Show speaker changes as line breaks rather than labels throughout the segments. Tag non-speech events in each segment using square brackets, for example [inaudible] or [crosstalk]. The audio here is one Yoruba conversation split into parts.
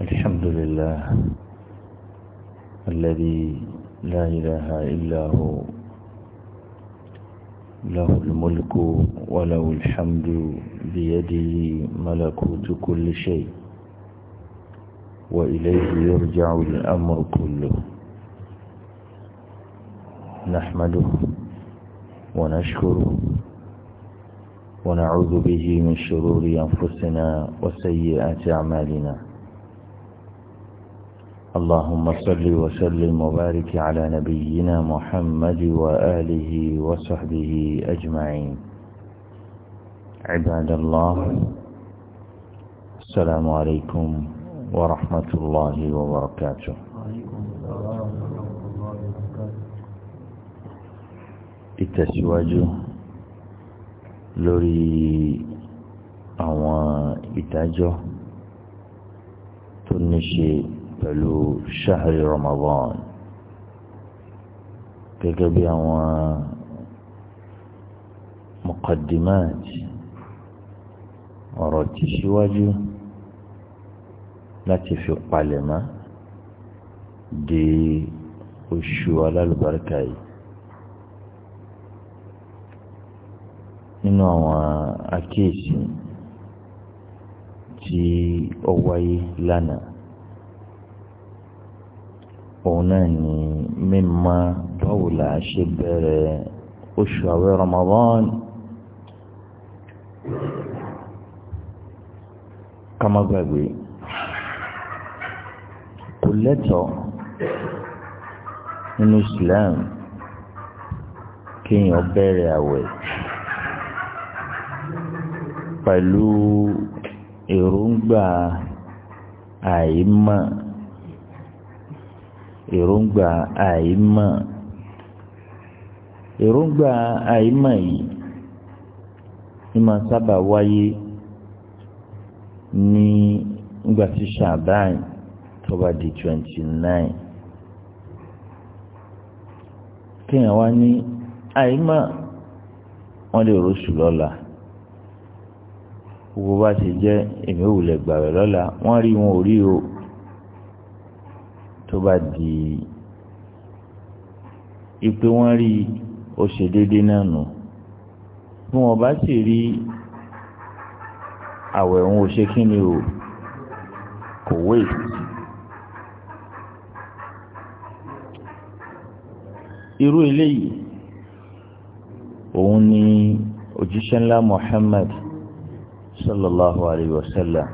الحمد لله الذي لا إله إلا هو له الملك وله الحمد بيده ملكوت كل شيء وإليه يرجع الأمر كله نحمده ونشكره ونعوذ به من شرور أنفسنا وسيئات أعمالنا اللهم صل وسلم وبارك على نبينا محمد وآله وصحبه أجمعين عباد الله السلام عليكم ورحمة الله وبركاته التسواج لوري أوان إتاجه تنشي pẹ̀lú shahri Ramadan gẹ́gẹ́ bí àwọn muqaddimaati ọ̀rọ̀ tí síwájú láti fi palẹ̀mọ́ di oṣù alálùbáríkà yìí nínú àwọn àkíyèsí tí ó wáyé lánàá òun náà ni mímọ̀ báwo la ṣe bẹ̀rẹ̀ oṣù àwẹ̀ Ramadan kamagbàgbé kò lẹ́tọ̀ nínú Islam kéèyàn bẹ̀rẹ̀ àwẹ̀ pẹ̀lú èròǹgbà àìmọ̀. èròǹgbà àìmọ̀ èròǹgbà àìmọ̀ yìí ni máa sábà wáyé ní ngbà tí ṣàbáyé tó di twenty nine kéèyàn wá ní àìmọ̀ wọ́n lè lọ́la gbogbo bá ti jẹ́ èmi ò lè wọn ò rí o. tó bá di ipe wọ́n rí ó ṣe déédéé náà nù bí wọ́n bá sì rí àwẹ̀ òun ò ṣe kí ni o kò wé. irú eléyìí òun ni òjíṣẹ́ ńlá Muhammad sallallahu alayhi wa sallam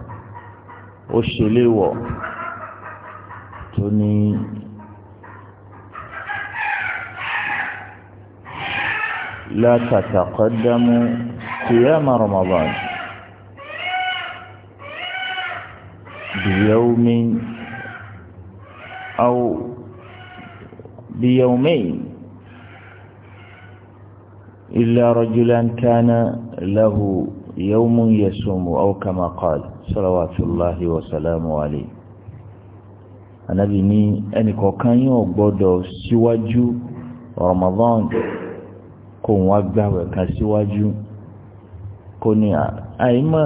ó ṣe léwọ̀. tó لا تتقدموا صيام رمضان بيوم أو بيومين إلا رجلا كان له يوم يصوم أو كما قال صلوات الله وسلامه عليه anabi ní ẹnìkọ̀ọ̀kan yóò gbọ́dọ̀ síwájú Ramadan kó wọn gbàwẹ̀ kan síwájú kó ní àìmọ̀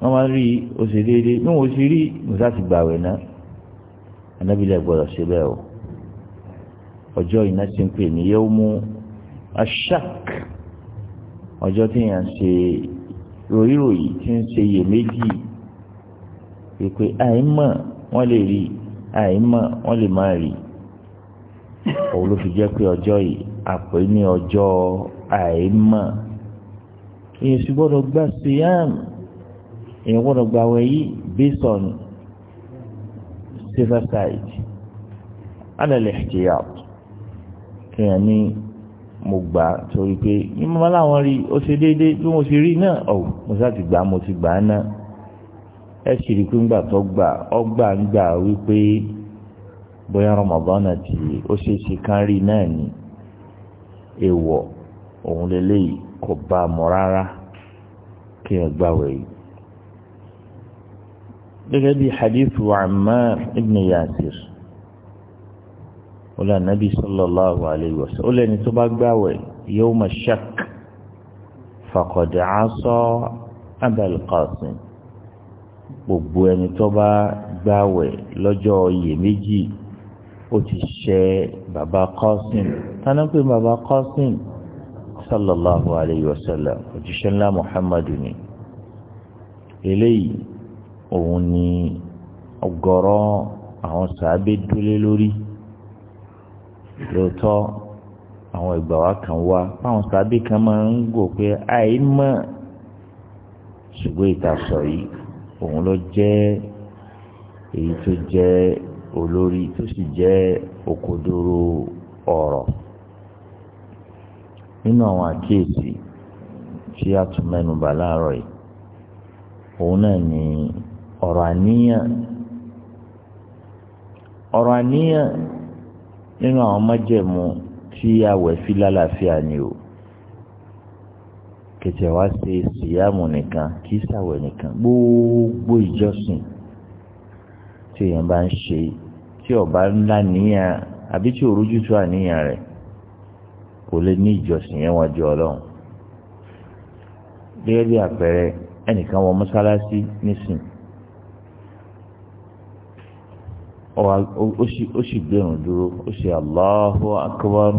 wọ́n máa rí oṣù déédéé ní wọ́n ti rí musa ti gbàwẹ̀ náà anabi lè gbọ́dọ̀ ṣe bẹ́ẹ̀ o ọjọ́ iná ti ń pè ní yẹ́wùmú ashak ọjọ́ tí yẹn ṣe ròyìnròyìn tí ń ṣe iyèméjì pé àìmọ̀ wọ́n lè rí i àìmọ̀ wọ́n lè má rí òun ló fi jẹ́ pé ọjọ́ yìí àpè ní ọjọ́ àìmọ̀ èyàn sì gbọ́dọ̀ gba siyam èyàn gbọ́dọ̀ gba àwẹ̀ yìí based on safer side alẹ́lẹ́ ihtiyat kéèyàn ní mo gbà á torí pé mímọ́ láwọn rí ó ṣe déédéé bí mo ṣe rí náà ọ̀ mo sá ti gbà á mo ti gbà á náà ẹ sì rí i pé ńgbà tó gbà ọgbà ń gbà wípé bóyá rọmọbọ́nà tí ó ṣe é ṣe kán rí náà ni èèwọ̀ òun lélẹ́yìí kò bá a mọ̀ rárá kí ẹ gbàwẹ̀ yìí. gẹ́gẹ́ bí hadithu Ammar ibn Yasir ó lé anabi sallallahu alayhi wa sallam ó lẹ́ni tó bá gbàwẹ̀ yawma shak faqad asa Abal Qasim gbogbo ẹni tó bá gbàwẹ̀ lọ́jọ́ iyèméjì ó ti ṣẹ baba qasim tánápé baba qasim sallallahu alayhi wa sallam òjíṣẹ́ ńlá muhammadu ni eléyìí òun ni ọ̀gọ̀rọ̀ àwọn sàábé dúlé lórí lóòótọ́ àwọn ìgbà wa kan wá fáwọn sàábé kan máa ń gò pé àìmọ̀ ṣùgbọ́n ìta sọ yìí òun ló jẹ́ èyí tó jẹ́ olórí tó sì jẹ́ òkodoro ọ̀rọ̀ nínú àwọn àkíyèsí tí a tún mẹ́nubà láàárọ̀ yìí òun náà ni ọ̀rọ̀ àníyàn ọ̀rọ̀ àníyàn nínú àwọn májẹ̀mú tí awẹ̀ fi lálàáfíà ni o kẹtẹ wá ṣe síyàmù nìkan kì í ṣàwẹ̀ nìkan gbogbo ìjọsìn tí èèyàn bá ń ṣe tí ọba ńlá níyàn àbí tí òrújú tó àníyàn rẹ̀ kò lè ní ìjọsìn yẹn wọn ju Ọlọ́run gẹ́gẹ́ bí àpẹẹrẹ ẹnìkan wọ mọ́sálásí nísìn ó sì gbẹrun dúró ó sì Allahu akbar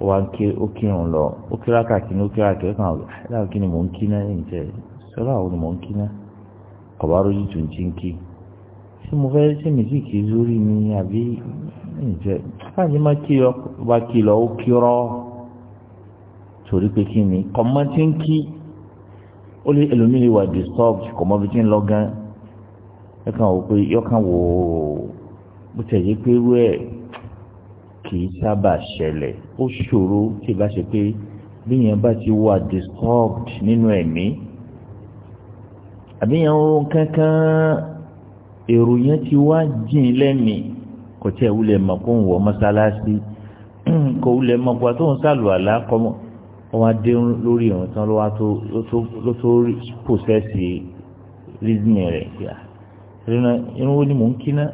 ó ke ké ó kírun lọ ó kíra kàkínú ó kíra kẹ́kọ̀ọ́ àwọn ẹ̀dá kí ni mò ń kí náà ẹ̀yìn tẹ̀ sọ́dọ̀ ni mò ń kí náà kọ̀bárò yìí tún ti ń kí tí mo fẹ́ ṣe mí sì kí lórí mi àbí ǹjẹ́ káàdì má kí lọ bá kí lọ ó kí rọ́ torí pé kí ni kọ́mọ́ ti ń kí ó lé ẹlòmíì wà disturbed kọ́mọ́ bí ti ń lọ gan ẹ kàn wò pé yọ kàn wò ó bó tẹ̀ yé kìí sábà ṣẹlẹ̀ ó ṣòro tí bá ṣe pé bíyẹn bá ti wà disturbed nínú ẹ̀mí àbíyẹn ohun kankan èrò yẹn ti wá jìn lẹ́mí kò tí ẹ̀ wúlẹ̀ mọ̀ kó ń wọ mọ́sálásí [clears throat] kò wúlẹ̀ mọ̀ kó tó ń sàlù àlá kọ́mọ́ wọ́n á dé lórí ìrùn tán ló tó pòṣẹ́sì rízìnì rẹ̀ irun wo ni mò ń kí náà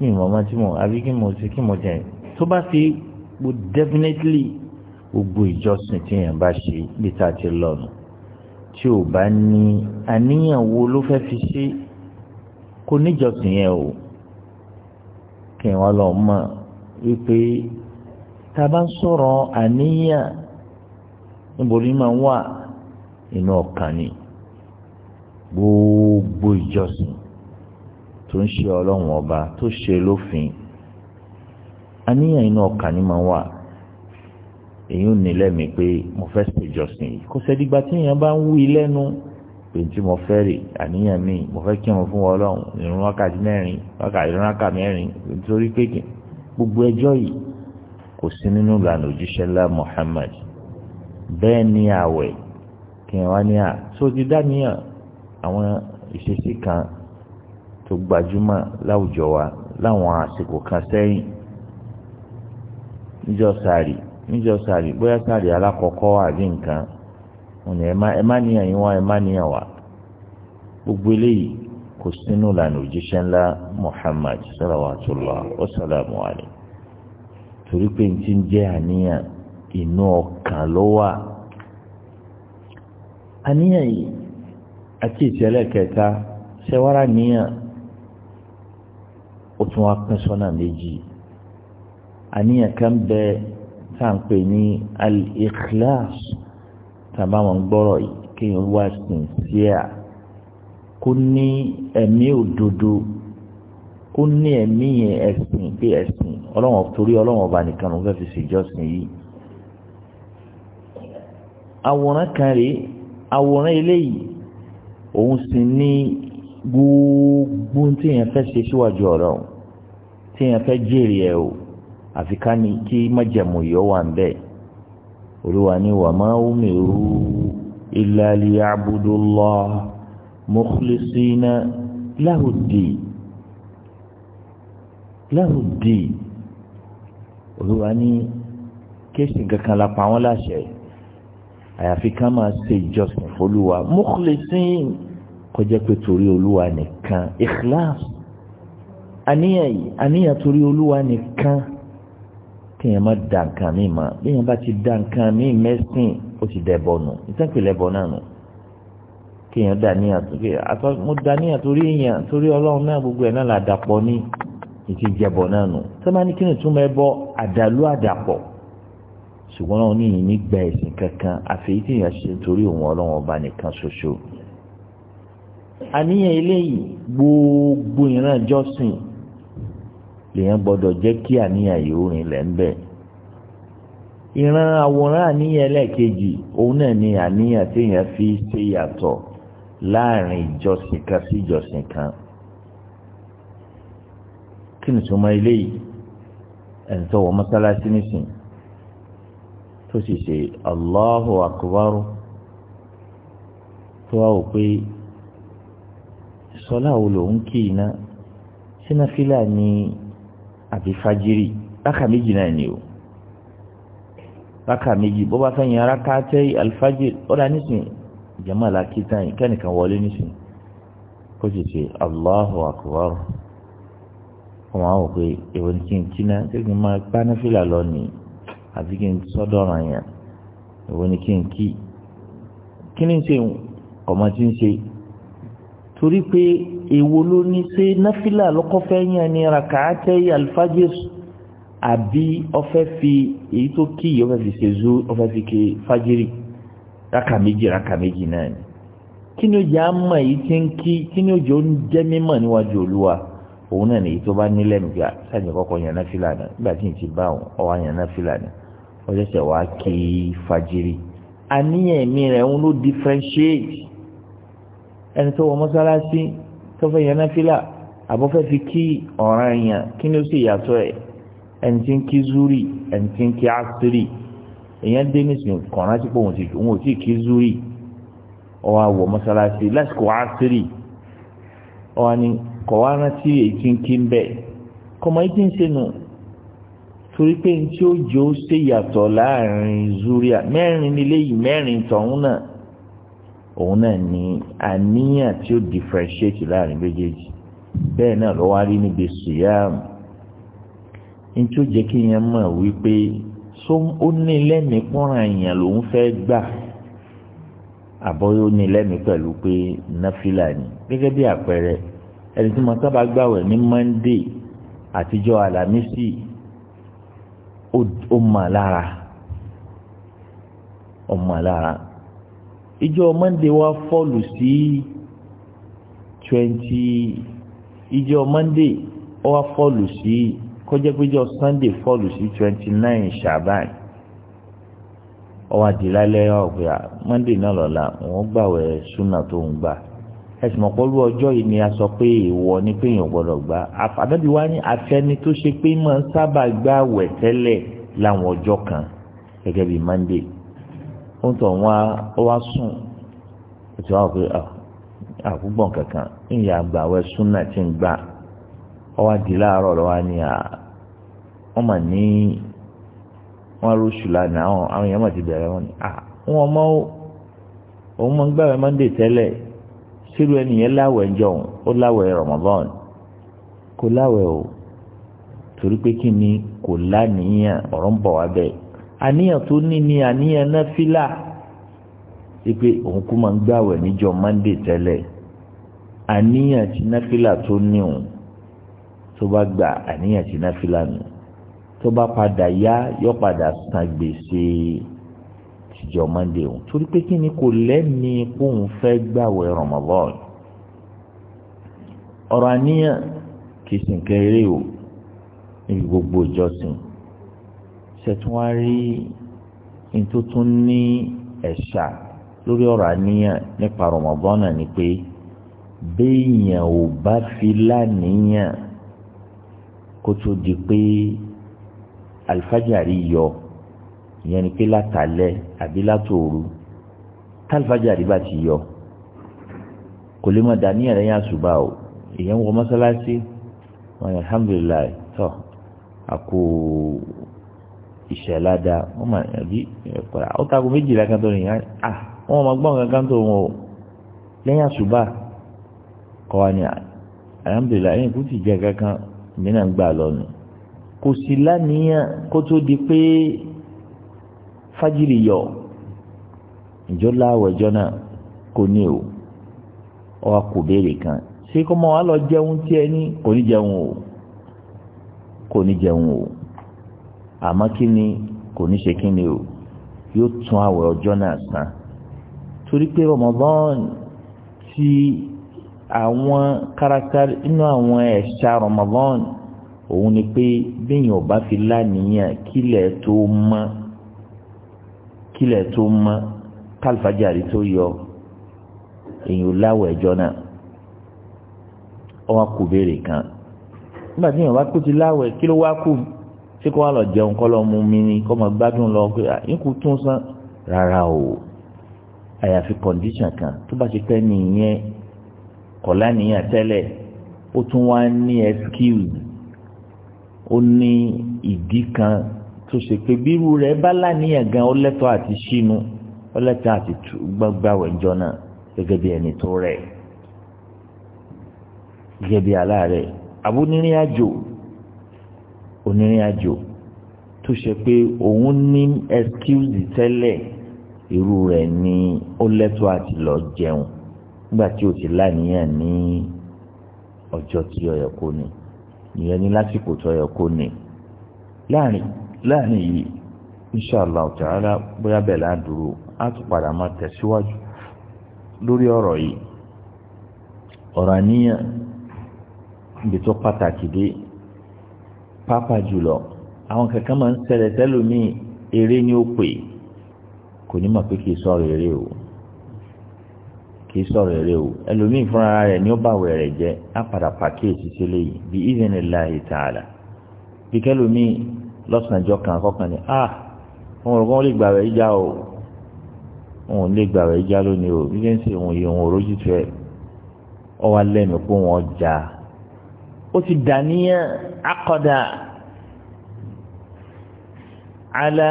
ní ìmọ̀mọ́ tí mo àbí kí mo ṣe kí mo jẹ tó bá fi mo definitely gbogbo ìjọsìn tí èèyàn bá ṣe bí tá a ti lọ́nu tí ò bá ní àníyàn wo ló fẹ́ fi ṣe kó níjọsìn yẹn o kí wọ́n lọ mọ̀ wípé tá bá ń sọ̀rọ̀ àníyàn níbo ni máa wà inú ọkàn ni gbogbo ìjọsìn tó ń ṣe ọlọ́run ọba tó ṣe lófin àníyàn inú ọkàn ni máa wà èyí ò ní lẹ́mi pé mo fẹ́ ṣèjọsìn yìí kò sẹ́dígbà tí èèyàn bá ń wí lẹ́nu pé tí mo fẹ́ rè àníyàn mi mo fẹ́ kírun fún ọlọ́run ìrun wákàtí mẹ́rin wákàtí rákà mẹ́rin nítorí pé gbogbo ẹjọ́ yìí kò sí nínú ìlànà òjíṣẹ́ ńlá Muhammad bẹ́ẹ̀ ni àwẹ̀ kí wọ́n ní à tó ti dá níyàn àwọn ìṣesí kan tó gbajúmọ̀ láwùjọ wa láwọn àsìkò kan sẹ́yìn níjọ́ sàárì níjọ́ sàárì bóyá sàárì alákọ̀ọ́kọ́ àbí nǹkan emaniya ẹ má níyàn yín wá ẹ má níyàn wá gbogbo eléyìí kò sínú òjíṣẹ́ ńlá Muhammad wa salamu alayhi torí pé n ti ń jẹ́ àníyàn inú ọkàn ló wà àníyàn yìí àti ìṣẹ̀lẹ̀ kẹta ṣẹ́wárà níyàn. ó tún wá pín sọ́nà méjì àníyàn kan bẹ tá à ń pè ní al-ikhlas tàbá wọn gbọ́rọ̀ yìí kéèyàn wá sincere kó ní ẹ̀mí òdodo kó ní ẹ̀mí yẹn ẹ̀sìn pé ẹ̀sìn ọlọ́wọ́n torí ọlọ́wọ́n ọba nìkan ló fẹ́ fi ṣèjọ́sìn yìí àwòrán kan rèé àwòrán eléyìí òun sì ní gbogbo téèyàn fẹ́ ṣe síwájú ọ̀rọ̀ o téèyàn fẹ́ jèrè ẹ̀ o àfi ká ní kí májẹ̀mú yọ wà ń bẹ́ẹ̀ olúwa ni wà máa ń mèrú illa liya'budullah mukhlisina lahud-din lahud olúwa ní kéṣì kankan la pa wọ́n láṣẹ àyàfi ká máa ṣe ìjọsìn f'Olúwa mukhlisin kó jẹ́ pé torí olúwa nìkan ikhlas àníyàn yìí àníyàn torí olúwa nìkan kéèyàn má da nǹkan mi mà béèyàn bá ti da nǹkan mi mẹ́sìn ó ti dẹ̀bọ̀ nù ìtẹ́kùlẹ̀ bọ̀ náà nù kéèyàn da níyàn torí àtọ́ mo da níyàn torí èèyàn torí ọlọ́run náà gbogbo ẹ̀ náà là dàpọ̀ ní ìtìjẹ̀bọ̀ náà nù sọ́mání kí ni túmọ̀ ẹ bọ́ àdàlú àdàpọ̀ ṣùgbọ́n náà oníyìn nígbà ẹ̀sìn kankan àfẹ́yìntìyàn ṣe torí òun ọlọ́run ọba nìkan ṣoṣo. àníyàn eléyìí gbogbo ìran jọ́sìn lèèyàn gbọ́dọ̀ jẹ́ kí àníyàn yìí ó lẹ ń bẹ̀. ìran àwòrán àníyàn ẹlẹ́ẹ̀kejì òun náà ni àníyàn téèyàn fi ṣe yàtọ̀ láàrin ìjọsìn kan sí ìjọsìn kan. kí ni sọmọ eléyìí ẹni tó wọ nísìn tó sì ṣe tó wà wò sọlá wo ló ń kí iná sínáfílà ní àbí fajiri rákà méjì náà ni o rákà méjì bó bá fẹ́yìn aráká tẹ́ alfajiri ọ̀dà nísìn jama la kí tán yìí kẹ́nìkan wọlé nísìn kó sì ṣe Allahu akbar wọn á wò pé èwo ni kí n kí náà kí n máa gbá náfílà lọ nìyí àti kí n sọ́dọ̀ ọ̀ràn yẹn èwo ni kí n kí kí ni ṣe ọmọ tí ń ṣe torí pé èwo ló ní ṣe náfìlà lọ́kọ́ fẹ́ yàn ní rakaate alfajir àbí ọfẹ́ fi èyí tó kí yìí ọfẹ́ fi ṣe zó ọfẹ́ fi ké fajiri raka méjì raka méjì náà ni kí ni ó jẹ́ àmọ́ èyí tí ń kí kí ni ó jẹ́ ó ń jẹ́ mímọ̀ níwájú olúwa òun náà nìyí tó bá nílẹ̀ nígbà sáàjì ah, kọ́kọ́ yàn náfìlà náà nígbà tí n ti bá ọwọ́ yàn náfìlà náà ọjọ́ sẹ̀ wá fajiri àníyàn ẹ̀mí rẹ̀ ń ló differentiate ẹni tó wọ mọ́sálásí tó fẹ́ yẹn náfìlà àbọ̀fẹ́ fi kí ọ̀ràn yẹn kí ni ó sì yàtọ̀ ẹ̀ ẹni tí ń kí zúrì ẹni tí ń kí ásírì èèyàn dé nísìnyí kọ̀ọ̀rán sí pé òun ò tí ì kí zúrì ọwọ́ àwọ̀ mọ́sálásí lásìkò ásírì ọwọ́ ni kọ̀wá rántí èyí tí ń kí ń bẹ̀ kọ́mọ yìí ti ń sẹ́nu torí pé ní tí ó jẹ́ ó ṣèyàtọ̀ láàrin zúrì mẹ́rin nílé yìí mẹ́rin tọ̀hún náà òun náà ni àníyàn tí ó differentiate láàrin méjèèjì bẹ́ẹ̀ náà ló wá rí níbi sùyàm ní tí ó jẹ́ kí yẹn mọ̀ wípé ó ní lẹ́mìí pọ́nra èèyàn lòún fẹ́ gbà àbọ̀yó ní lẹ́mìí pẹ̀lú pé náfìlà ni gẹ́gẹ́ bí àpẹẹrẹ ẹni tí mo sábà gbàwẹ̀ ní monday àtijọ́ alámísì ó mà lára ó mà lára ìjọ monday wa fọ́ọ̀lù sí twenty ìjọ monday wa fọ́ọ̀lù sí kọjá pé sunday fọ́ọ̀lù sí twenty nine shaban ọwọ́ àdìrà lẹ́yìn ọ̀gbìn à monday náà lọ́la wọ́n gbàwẹ̀ súnà tó ń gbà ẹ̀sìn mọ̀ pọ̀lú ọjọ́ yìí ni a sọ pé ìwọ ni pé èèyàn gbọ́dọ̀ gbà àbẹ́bí wa ní afẹ́ni tó ṣe pé máa ń sábà gbàwẹ̀ tẹ́lẹ̀ láwọn ọjọ́ kan gẹ́gẹ́ bíi monday ó tọ̀ wọn ó wá sùn ó ti wá pé kankan ìyá àgbà wẹ súnà tí ń gbà ó wá di láàárọ̀ lọ́wọ́ ni wọ́n mà ní wọ́n rúṣù lánàá àwọn èèyàn mà ti bẹ̀rẹ̀ wọn ni wọ́n mọ́ òun mọ́ ń gbàwẹ̀ mọ́ndé tẹ́lẹ̀ sílùú ẹnìyẹn láwẹ̀ jọ̀hún ó láwẹ̀ kò láwẹ̀ o torí pé kí ni kò àníyàn tó ní ni àníyàn náfìlà pé òun kú máa ń gbàwẹ̀ níjọ́ mọ́ndé tẹ́lẹ̀ àníyàn tí náfìlà tó ní òun tó bá gba àníyàn tí náfìlà nù tó bá padà yá yọ padà san gbèsè tìjọ́ mọ́ndé òun torí pé kí ni kò lẹ́ni kóun fẹ́ gbàwẹ̀ Ramadan ọ̀rọ̀ àníyàn kìí sìnkẹ́ eré o níbi gbogbo ìjọsìn tẹ̀tún wá rí ntutu ní ẹ̀ṣà lórí ọ̀rọ̀ àníyàn nípa rọmọbọ́nà ni pé béèyàn ò bá fi láníyàn kó tó di pé alifájàrí yọ ìyẹn ni pé látàlẹ́ àbí látòru tálifájàrí bá ti yọ kò lè má dàníyàn rẹ̀ àṣùbà o ìyẹn wọ mọ́sálásí wọn alhamdulilayi tọ́ àkóò ìṣẹ̀ládà wọ́n máa yàbí ẹ̀kọ́ ra ọ̀tá aago méjìlá kan tó nìyá à ah, wọ́n máa gbọ́n kankan tó wọn o lẹ́yìn àṣùbà kọ́ wa ni alhamdulilayi ẹ̀yìn kú ti jẹ́ kankan mí náà ń gbà lọ́nu kò sí lánìyàn kó tó di pé fájìlì yọ ìjọ láwọ̀ ẹjọ́ náà kò ní o ọwọ́ kò béèrè kan ṣé kọ́ mọ́ wa lọ jẹun tí ẹ ní kò ní jẹun o kò ní jẹun o àmọ́ kí ni kò ní ṣe kí ni o yóò tún àwẹ̀ ọjọ́ náà san torí pé Ramadan ti àwọn kárakárí inú àwọn ẹ̀ṣà Ramadan òun ni pé bẹ́yìn ọba fi lánìyàn kílẹ̀ tó mọ́ kílẹ̀ tó mọ́ kálífàjárì tó yọ èyàn láwọ̀ ẹ̀jọ́ náà ọwọ́ kò béèrè kan nígbà tí èèyàn wá kú ti láwọ̀ ẹ̀ kí ló wá kú mi ṣé kó wá lọ jẹun kọ́ lọ mú mi ni kọ́ mọ gbádùn lọ pé ikú tún san rárá o àyàfi kọ̀ǹdíṣàn kan tó bá ṣe pẹ́ nìyẹn kọ̀lá nìyẹn tẹ́lẹ̀ ó tún wá ní excuse ó ní ìdí kan tó ṣe pé bírú rẹ̀ bá láníyàn gan ó lẹ́tọ̀ọ́ àti ṣínú ó lẹ́tọ̀ọ́ àti gbàgbàwẹ̀ jọ náà gẹ́gẹ́ bí ẹni tó rẹ̀ gẹ́gẹ́ bí aláàrẹ̀ abúnírin àjò onirinajo àjò tó ṣe pé òun ní ẹskíwùsì tẹ́lẹ̀ irú rẹ̀ ni ó lẹ́tọ́ àti lọ jẹun nígbà tí o ti láníyàn ní ọjọ́ tí ọyọ̀ kò ní ìyẹn ní lásìkò tó ọyọ̀ kò ní láàrin láàrin yìí inṣàlá ọ̀tàrà bóyá bẹ́ẹ̀ ládùúró á tún padà máa tẹ̀síwájú lórí ọ̀rọ̀ yìí ọ̀rọ̀ àníyàn pàtàkì pápá jùlọ àwọn kankan máa ń ṣẹlẹ̀ sẹ́lòmíì eré ni ó pè kò ní mọ̀ pé kì í sọ̀rọ̀ eré o kì í sọ̀rọ̀ eré o ẹlòmíì fúnra rẹ̀ ni ó bá wẹ̀rẹ̀ jẹ́ á padà pàkíyèsí sílé yìí bí ìzìnnì láàyè tààlà bí kẹlòmíì lọ́sànjọ́ kan kọ́kàn ni a ah, wọn rò lè gbà wẹ̀ o wọn ò lè gbà wẹ̀ lónìí o bí kẹ́ńsì òun yìí òun ò rójú ẹ̀ ọ wá lẹ́nu pé wọ́n já ó ti dàníyàn akọ̀dà ala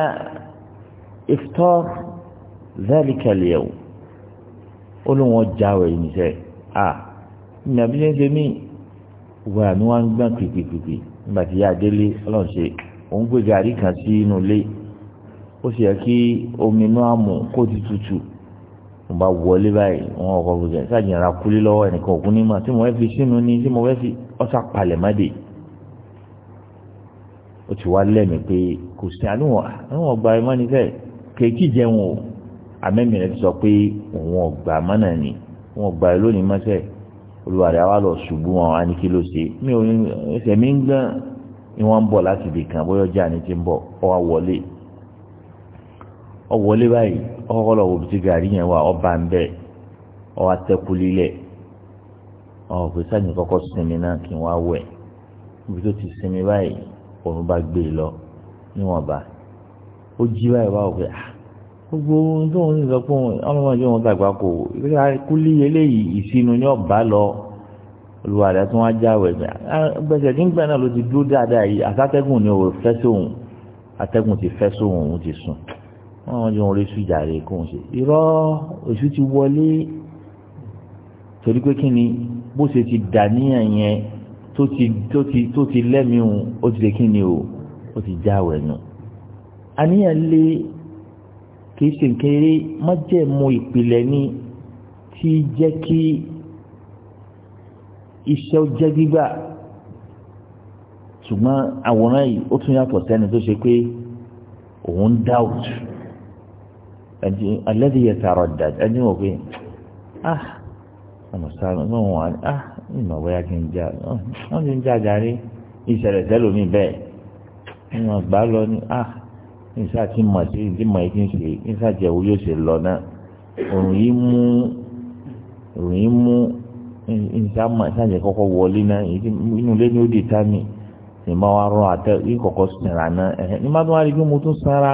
iftar zalika al-yawm ó ló wọn jáwé níṣẹ́ à nàbí ṣe ń ṣe mí wà ní wọn ń gbọ́n pìpìpìpì nígbà tí yá délé ọlọ́run ṣe òun gbé gàrí kan sí inú ilé ó sì yẹ kí omi inú àmú kó ti tutù wọn bá wọlé báyìí wọn ọkọ gbogbo ẹ sáà jìnnà kúlé lọ́wọ́ ẹnìkan òkú ní mà tí mo fẹ́ fi sínú ni tí mo fẹ́ fi ọ̀sà palẹ̀mọ́dé ó ti wá lẹ́mìí pé kò sí àníwọ̀n àwọn ọgbà ẹ̀mọ́ kéèkì jẹun o amẹ́mìíràn ti sọ pé òun ọgbà mọ́nà ni òun ọgbà ẹ̀ lónìí mọ́sẹ̀ olùwàdà wa lọ ṣubú wọn á ní kí ló ṣe mi ò ẹsẹ̀ mi ń gbọ́n ni wọ́n ń bọ̀ láti ibì kan bóyá ọjà ni ti ń bọ̀ ọ wá wọlé ọ wọlé báyìí ọ kọ́ lọ wo ti gàrí yẹn wá ọ bá ń bẹ́ẹ̀ ọ wá tẹ́kù àwọn òfìsà ní kọ́kọ́ sinmi náà kí wọ́n á wẹ̀ ibi tó ti sinmi báyìí òun bá gbé e lọ níwọ̀nba ó jí báyìí wá òfin ah gbogbo ohun tó ń sọ fún ọlọ́mọdé wọn dàgbà kò kúlí eléyìí ìsinu ní ọ̀bá lọ olùwàdà tó wá jáwèé ah, gbèsè nígbà náà ló ti dúró dáadáa yìí àtàtẹ́gùn ni ò fẹ́ sóhun atẹ́gùn ti fẹ́ sóhun òun ti sùn wọ́n jọ orí sùjà rè kóhun ṣe irọ́ òṣù ti wọlé torí pé kí ni bó ṣe ti dàníyàn yẹn tó ti tó ti tó ti lẹ́mìíhùn ó ti lè kí ni o ó ti já àwẹ̀ nù. àníyàn lé kìí ṣe nkéré májẹ̀mú ìpìlẹ̀ ni tí jẹ́ kí iṣẹ́ jẹ́ gbígbà ṣùgbọ́n àwòrán yìí ó tún yàtọ̀ sẹ́ni tó ṣe pé òun doubt ẹni alẹ́ ti yẹ tààrọ̀ dàd ẹni wọ̀ pé ah ọmọ sáré náà wọn àní ah ìmọ̀ bóyá kí n já ah, wọn ti ń lọ ní ah, mọ̀ sí mọ̀ yìí kí n ṣe yóò lọ náà òun yìí mú òun yìí mú kọ́kọ́ wọlé náà inú ilé ni ó di tá mi ìmọ̀ wa rọ àtẹ ìkọ̀kọ̀ sẹ̀rà náà ẹ̀hẹ́ ní má tó wá rí bí mo tún sára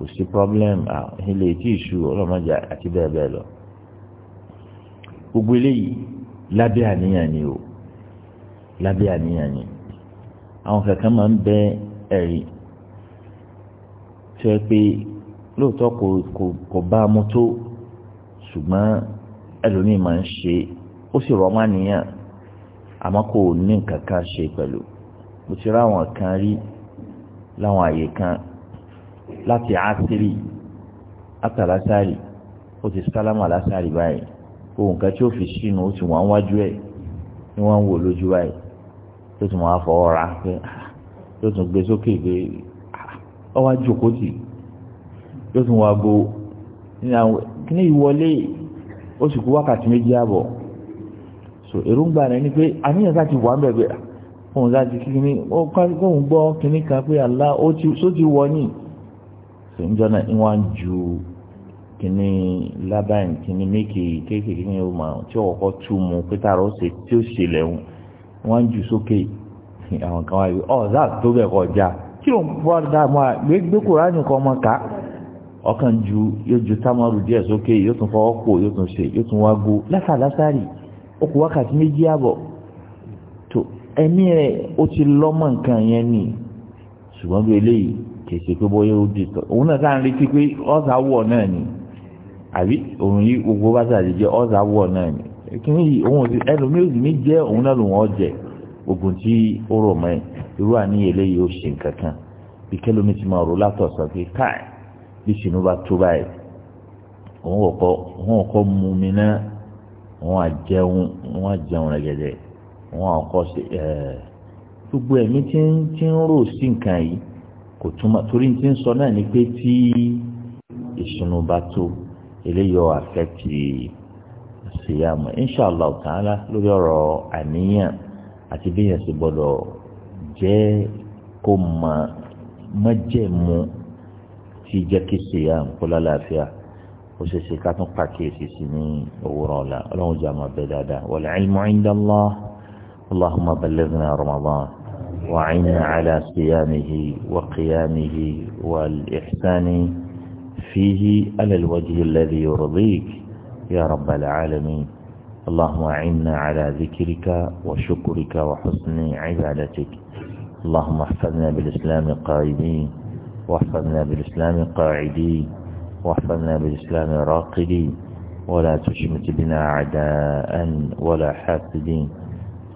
kò sí problem ilé tí ìṣú ọlọ́mọdé àti bẹ́ẹ̀ bẹ́ẹ̀ lọ. gbogbo eléyìí lábẹ́ àníyàn ni o lábẹ́ àníyàn ni àwọn kankan máa ń bẹ ẹ̀rí tí wọ́n pe lóòótọ́ kò kò kò bá a mú tó ṣùgbọ́n ẹlòmíì máa ń ṣe ó sì rọ́ má nìyàn àmọ́ kò ní nǹkan kan ṣe pẹ̀lú mo ti rá àwọn kan rí láwọn àyè kan láti àṣírí àtàlásárì ó ti sálámù àlásárì báyìí ohun kan tí ó fi sínú ó ti wọ́n wájú ẹ̀ ni wọ́n ń wò lójú báyìí tó tún wọ́n á fọwọ́ ra pé tó ah, tún gbé sókè pé ọ ah, wá jókòó tì tó tún wọ́n aago kí ìwọlé ó sì kú wákàtí méjì àbọ̀ so èròǹgbà rẹ̀ ni pé àníyàn sá ti wà ń bẹ̀ pé ah, òun sá ti kí ni ó kọ́ òun gbọ́ kíní kan pé àlá ó ti wọ ní tó ń ju kínní labain kínní méèkì kéékèèké ní o máa tí ọkọ tú mu pété àrò ṣe tí ó ṣe lẹ́hùn wọ́n ju sókè àwọn kan wáyé ọ̀ zá tó bẹ̀ kọ̀ já kí ló ń bọ́ dààmú à gbégbé kúránì kan ọmọ ká ọkàn ju yóò ju támọ́rù díẹ̀ sókè yóò tún fọwọ́ pò yóò tún ṣe yóò tún wá gbó lásàlásàrì ó kù wákàtí méjì àbọ̀ tó ẹ̀mí rẹ̀ ó ti lọ́mọ nǹkan yẹn nì ṣùgbọ́n bí eléyìí kèsì pé bóyá ó di tọ òun náà sáà ń retí pé ọ̀sà wọ̀ náà ni àbí òun yí gbogbo bá sàlẹ̀ jẹ́ ọ̀sà wọ̀ náà ni kìíní yìí òun òsì ẹlòmíì òsì jẹ́ òun náà lòun ọ̀jẹ̀ ogun tí ó rọ̀ mọ́ ẹ̀ irú àníyàn eléyìí ó ṣe nǹkan kan bí kẹlòmíì ti máa rò látọ̀sán pé káì bí sinú bá tó báyìí òun ọ̀kọ́ òun ọ̀kọ́ mú mi náà òun àjẹun òun àjẹun òun ṣe gbogbo ẹ̀mí ń rò sí nǹkan yìí kò túmọ̀ torí ti ń sọ náà ni pé tí ìsúnú bá tó eléyọ àfẹ́tì síyàmù inṣàlá ta'ala lórí ọ̀rọ̀ àníyàn àti bí yẹn sì gbọ́dọ̀ jẹ́ kó mọ mọ́jẹ̀mú tí jẹ́ kí síyàmù kó lálàáfíà ó ṣe ṣe ká tún pàkíyèsí sí ní òwúrọ̀ ọ̀la ọlọ́run jẹ́ àmọ́ bẹ́ẹ̀ dáadáa wal ilmu inda Allah Allahumma ballighna Ramadan. وعنا على صيامه وقيامه والإحسان فيه على الوجه الذي يرضيك يا رب العالمين اللهم أعنا على ذكرك وشكرك وحسن عبادتك اللهم احفظنا بالإسلام قائدين واحفظنا بالإسلام قاعدين واحفظنا بالإسلام راقدين ولا تشمت بنا أعداء ولا حاسدين